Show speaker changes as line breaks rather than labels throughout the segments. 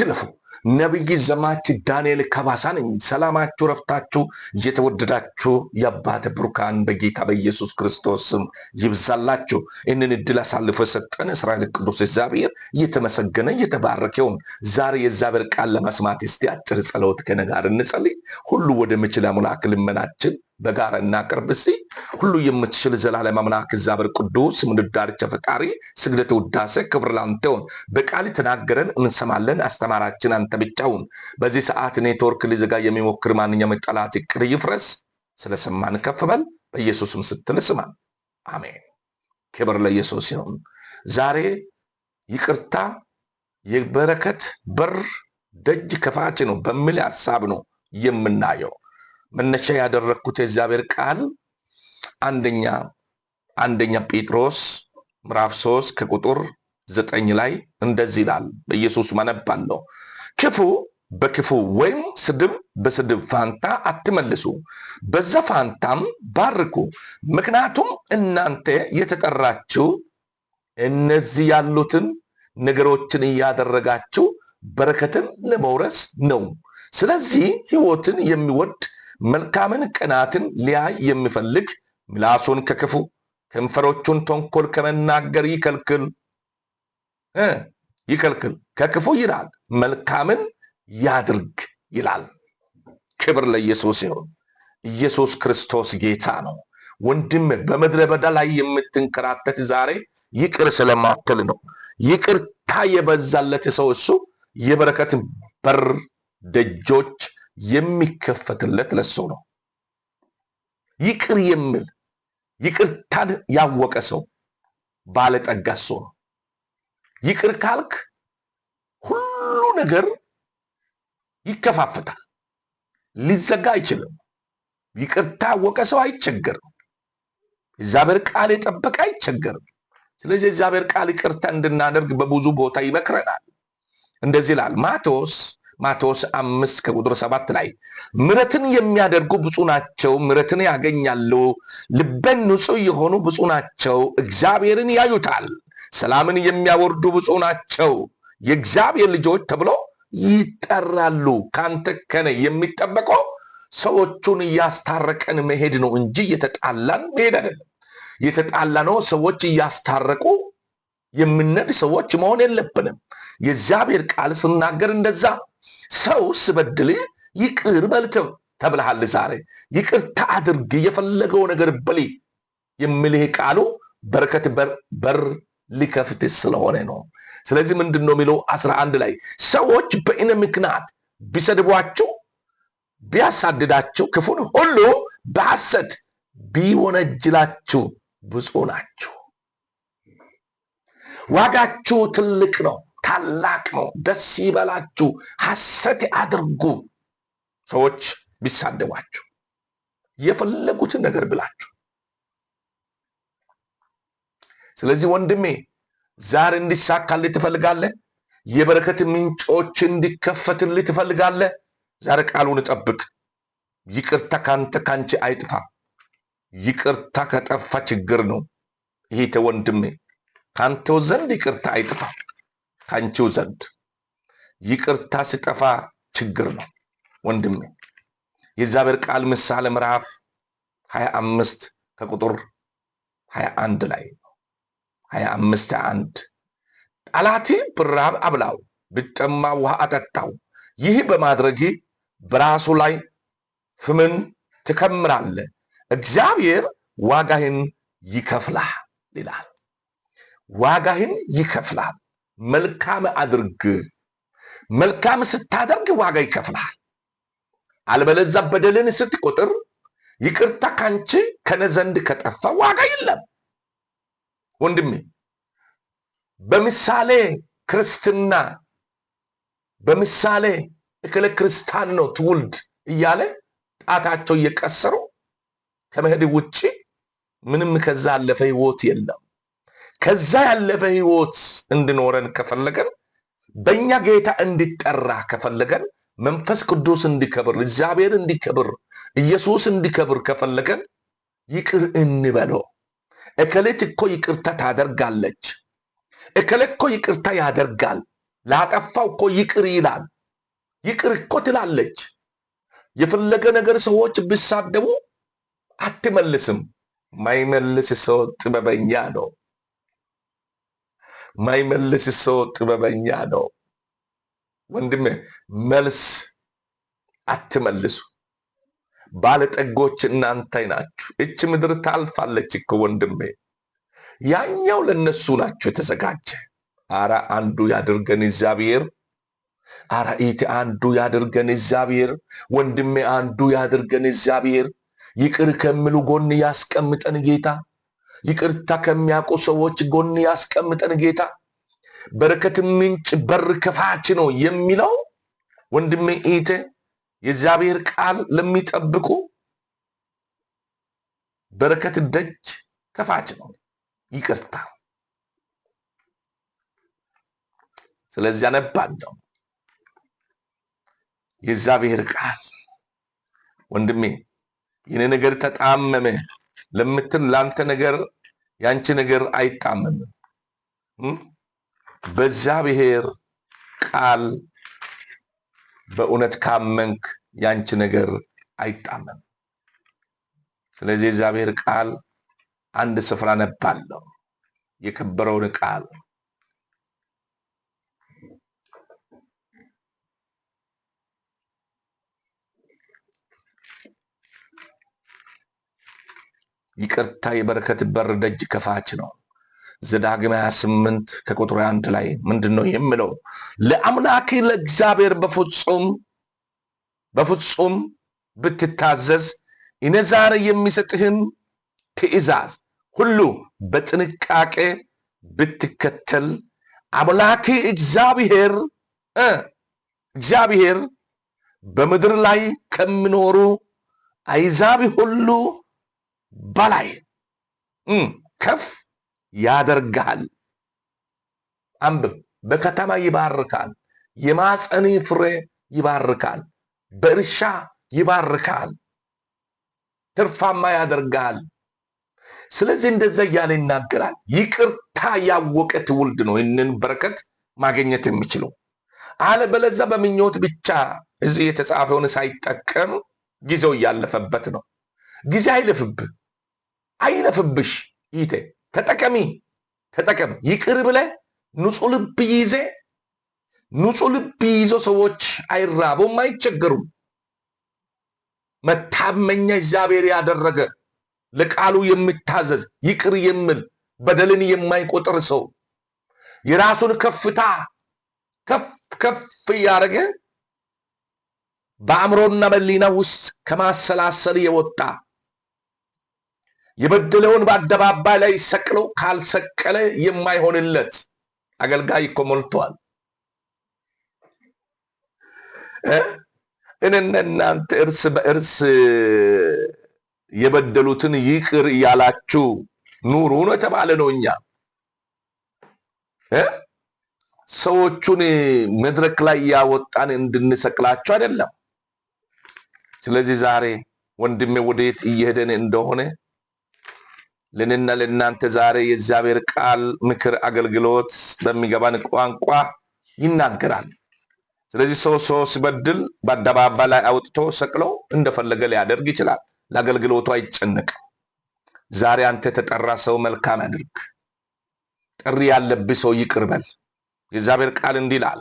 አትለፉ። ነቢይ ዘማች ዳንኤል ከባሳ ነኝ። ሰላማችሁ ረፍታችሁ፣ እየተወደዳችሁ የአባት ብሩካን በጌታ በኢየሱስ ክርስቶስ ስም ይብዛላችሁ። ይህንን እድል አሳልፎ የሰጠን እስራኤል ቅዱስ እግዚአብሔር እየተመሰገነ እየተባረከ ዛሬ የእግዚአብሔር ቃል ለመስማት እስቲ አጭር ጸሎት ከነጋር እንጸልይ። ሁሉ ወደምችል አምላክ ልመናችን በጋራ እናቅርብ። እስኪ ሁሉ የምትችል ዘላለም አምላክ እግዚአብሔር ቅዱስ ምንዳርቻ ፈጣሪ ስግደት፣ ውዳሴ፣ ክብር ላንተ በቃል ተናገረን እንሰማለን። አስተማራችን አንተ ብቻውን። በዚህ ሰዓት ኔትወርክ ሊዘጋ የሚሞክር ማንኛውም ጠላት እቅድ ይፍረስ። ስለሰማን ከፍ በል በኢየሱስም ስትል ስማን። አሜን። ክብር ለኢየሱስ ይሁን። ዛሬ ይቅርታ የበረከት በር ደጅ ከፋች ነው በሚል ሀሳብ ነው የምናየው። መነሻ ያደረግኩት የእግዚአብሔር ቃል አንደኛ አንደኛ ጴጥሮስ ምዕራፍ ሶስት ከቁጥር ዘጠኝ ላይ እንደዚህ ይላል። በኢየሱስ ማነባለሁ። ክፉ በክፉ ወይም ስድብ በስድብ ፋንታ አትመልሱ፣ በዛ ፋንታም ባርኩ። ምክንያቱም እናንተ የተጠራችሁ እነዚህ ያሉትን ነገሮችን እያደረጋችሁ በረከትን ለመውረስ ነው። ስለዚህ ህይወትን የሚወድ መልካምን፣ ቅናትን ሊያይ የሚፈልግ ምላሱን ከክፉ ከንፈሮቹን ተንኮል ከመናገር ይከልክል ይከልክል፣ ከክፉ ይራቅ፣ መልካምን ያድርግ ይላል። ክብር ለኢየሱስ ይሁን። ኢየሱስ ክርስቶስ ጌታ ነው። ወንድም በምድረ በዳ ላይ የምትንከራተት ዛሬ ይቅር ስለማትል ነው። ይቅርታ የበዛለት ሰው እሱ የበረከት በር ደጆች የሚከፈትለት ለሰው ነው። ይቅር የሚል ይቅርታን ያወቀ ሰው ባለጠጋ ሰው ነው። ይቅር ካልክ ሁሉ ነገር ይከፋፈታል፣ ሊዘጋ አይችልም። ይቅርታ ያወቀ ሰው አይቸገርም። እግዚአብሔር ቃል የጠበቀ አይቸገርም። ስለዚህ እግዚአብሔር ቃል ይቅርታ እንድናደርግ በብዙ ቦታ ይመክረናል። እንደዚህ ይላል ማቴዎስ ማቴዎስ አምስት ከቁጥር ሰባት ላይ ምረትን የሚያደርጉ ብፁ ናቸው፣ ምረትን ያገኛሉ። ልበን ንጹህ የሆኑ ብፁ ናቸው፣ እግዚአብሔርን ያዩታል። ሰላምን የሚያወርዱ ብፁ ናቸው፣ የእግዚአብሔር ልጆች ተብሎ ይጠራሉ። ከአንተ ከነ የሚጠበቀው ሰዎቹን እያስታረቀን መሄድ ነው እንጂ የተጣላን መሄድ አይደለም። የተጣላ ነው ሰዎች እያስታረቁ የምነድ ሰዎች መሆን የለብንም። የእግዚአብሔር ቃል ስናገር እንደዛ ሰው ስበድል ይቅር በልትም ተብልሃል። ዛሬ ይቅርታ አድርግ፣ የፈለገው ነገር በል የሚልህ ቃሉ በረከት በር ሊከፍት ስለሆነ ነው። ስለዚህ ምንድን ነው የሚለው አስራ አንድ ላይ ሰዎች በእኔ ምክንያት ቢሰድቧችሁ ቢያሳድዳችሁ ክፉን ሁሉ በሐሰት ቢወነጅላችሁ ብፁ ናችሁ። ዋጋችሁ ትልቅ ነው። ታላቅ ነው። ደስ ይበላችሁ፣ ሐሰት አድርጉ። ሰዎች ቢሳደባችሁ የፈለጉትን ነገር ብላችሁ። ስለዚህ ወንድሜ ዛሬ እንዲሳካልህ ትፈልጋለህ? የበረከት ምንጮች እንዲከፈትልህ ትፈልጋለህ? ዛሬ ቃሉን ጠብቅ። ይቅርታ ካንተ ካንቺ አይጥፋ። ይቅርታ ከጠፋ ችግር ነው። ይህ ተወንድሜ ካንተው ዘንድ ይቅርታ አይጥፋ። ካንቺው ዘንድ ይቅርታ ስጠፋ ችግር ነው ወንድም ነው። የእግዚአብሔር ቃል ምሳሌ ምዕራፍ ሀያ አምስት ከቁጥር ሀያ አንድ ላይ ነው። ሀያ አምስት አንድ ጠላቴ ብራብ አብላው፣ ብጠማ ውሃ አጠጣው። ይህ በማድረጌ በራሱ ላይ ፍምን ትከምራለ፣ እግዚአብሔር ዋጋህን ይከፍላል ይላል። ዋጋህን ይከፍላል መልካም አድርግ። መልካም ስታደርግ ዋጋ ይከፍልሃል። አልበለዛ በደልን ስትቆጥር ይቅርታ ካንቺ ከነ ዘንድ ከጠፋ ዋጋ የለም። ወንድሜ በምሳሌ ክርስትና በምሳሌ እክለ ክርስታን ነው ትውልድ እያለ ጣታቸው እየቀሰሩ ከመሄድ ውጭ ምንም ከዛ አለፈ ህይወት የለም። ከዛ ያለፈ ህይወት እንድኖረን ከፈለገን በእኛ ጌታ እንዲጠራ ከፈለገን መንፈስ ቅዱስ እንዲከብር እግዚአብሔር እንዲከብር ኢየሱስ እንዲከብር ከፈለገን ይቅር እንበለው። እከሌት እኮ ይቅርታ ታደርጋለች፣ እከሌት እኮ ይቅርታ ያደርጋል፣ ላጠፋው እኮ ይቅር ይላል፣ ይቅር እኮ ትላለች። የፈለገ ነገር ሰዎች ቢሳደቡ አትመልስም። ማይመልስ ሰው ጥበበኛ ነው። ማይመልስ ሰው ጥበበኛ ነው። ወንድሜ መልስ አትመልሱ። ባለጠጎች እናንተ ናችሁ። እች ምድር ታልፋለች እኮ ወንድሜ፣ ያኛው ለነሱ ናቸው የተዘጋጀ። አረ አንዱ ያድርገን እግዚአብሔር። አረ ኢት አንዱ ያድርገን እግዚአብሔር። ወንድሜ አንዱ ያድርገን እግዚአብሔር። ይቅር ከሚሉ ጎን ያስቀምጠን ጌታ። ይቅርታ ከሚያውቁ ሰዎች ጎን ያስቀምጠን ጌታ። በረከት ምንጭ በር ከፋች ነው የሚለው ወንድሜ ኢተ የእግዚአብሔር ቃል ለሚጠብቁ በረከት ደጅ ከፋች ነው ይቅርታ። ስለዚህ አነባለሁ የእግዚአብሔር ቃል ወንድሜ ይህን ነገር ተጣመመ ለምትል ለአንተ ነገር ያንቺ ነገር አይጣመምም። በእግዚአብሔር ቃል በእውነት ካመንክ ያንቺ ነገር አይጣመምም። ስለዚህ እግዚአብሔር ቃል አንድ ስፍራ ነባለው የከበረውን ቃል ይቅርታ የበረከት በር ደጅ ከፋች ነው። ዘዳግም 28 ከቁጥር አንድ ላይ ምንድን ነው የምለው? ለአምላክ ለእግዚአብሔር በፍጹም በፍጹም ብትታዘዝ እኔ ዛሬ የሚሰጥህን ትእዛዝ ሁሉ በጥንቃቄ ብትከተል አምላክ እግዚአብሔር እግዚአብሔር በምድር ላይ ከሚኖሩ አይዛብ ሁሉ በላይ ከፍ ያደርግሃል። አንብብ። በከተማ ይባርካል። የማፀኒ ፍሬ ይባርካል። በእርሻ ይባርካል። ትርፋማ ያደርግሃል። ስለዚህ እንደዛ እያለ ይናገራል። ይቅርታ ያወቀ ትውልድ ነው ይህንን በረከት ማግኘት የሚችለው። በለዛ በምኞት ብቻ እዚህ የተጻፈውን ሳይጠቀም ጊዜው እያለፈበት ነው። ጊዜ አይልፍብህ። አይለፍብሽ ይቴ ተጠቀሚ ተጠቀም ይቅር ብለ ንጹህ ልብ ይዜ ንጹህ ልብ ይዞ ሰዎች አይራቡም፣ አይቸገሩም። መታመኛ እግዚአብሔር ያደረገ ለቃሉ የሚታዘዝ ይቅር የሚል በደልን የማይቆጥር ሰው የራሱን ከፍታ ከፍ ከፍ እያደረገ በአእምሮና በሊና ውስጥ ከማሰላሰል የወጣ የበደለውን በአደባባይ ላይ ሰቅለው ካልሰቀለ የማይሆንለት አገልጋይ እኮ ሞልቷል። እኔና እናንተ እርስ በእርስ የበደሉትን ይቅር እያላችሁ ኑሩ ነው የተባለ ነው። እኛ ሰዎቹን መድረክ ላይ እያወጣን እንድንሰቅላቸው አይደለም። ስለዚህ ዛሬ ወንድሜ ወደየት እየሄደን እንደሆነ ልንና ለእናንተ ዛሬ የእግዚአብሔር ቃል ምክር አገልግሎት በሚገባን ቋንቋ ይናገራል። ስለዚህ ሰው ሰው ሲበድል በአደባባይ ላይ አውጥቶ ሰቅሎ እንደፈለገ ሊያደርግ ይችላል። ለአገልግሎቱ አይጨነቅም። ዛሬ አንተ የተጠራ ሰው መልካም አድርግ። ጥሪ ያለብህ ሰው ይቅርበል። የእግዚአብሔር ቃል እንዲህ ይላል።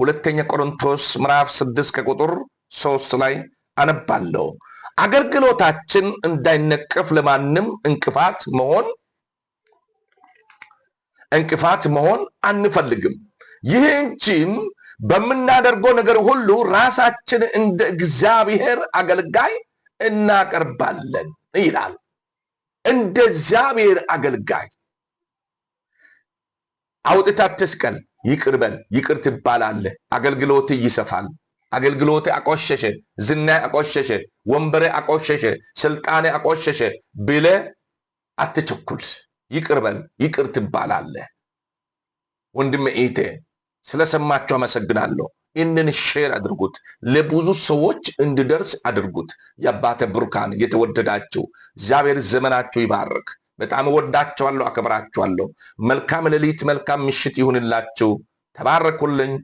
ሁለተኛ ቆሮንቶስ ምዕራፍ ስድስት ከቁጥር ሶስት ላይ አነባለሁ። አገልግሎታችን እንዳይነቀፍ ለማንም እንቅፋት መሆን እንቅፋት መሆን አንፈልግም። ይህ እንጂም በምናደርገው ነገር ሁሉ ራሳችን እንደ እግዚአብሔር አገልጋይ እናቀርባለን ይላል። እንደ እግዚአብሔር አገልጋይ አውጥታት ትስቀል ይቅርበል ይቅር ትባላለህ። አገልግሎት ይሰፋል። አገልግሎት አቆሸሸ፣ ዝና አቆሸሸ፣ ወንበሬ አቆሸሸ፣ ስልጣኔ አቆሸሸ ብለ አትቸኩል። ይቅርበል፣ ይቅር ትባላለ። ወንድም ኢቴ ስለሰማችሁ አመሰግናለሁ። ይህንን ሼር አድርጉት፣ ለብዙ ሰዎች እንዲደርስ አድርጉት። የአባተ ብሩካን የተወደዳችሁ እግዚአብሔር ዘመናችሁ ይባርክ። በጣም እወዳችኋለሁ፣ አከብራችኋለሁ። መልካም ሌሊት፣ መልካም ምሽት ይሁንላችሁ። ተባረኩልኝ።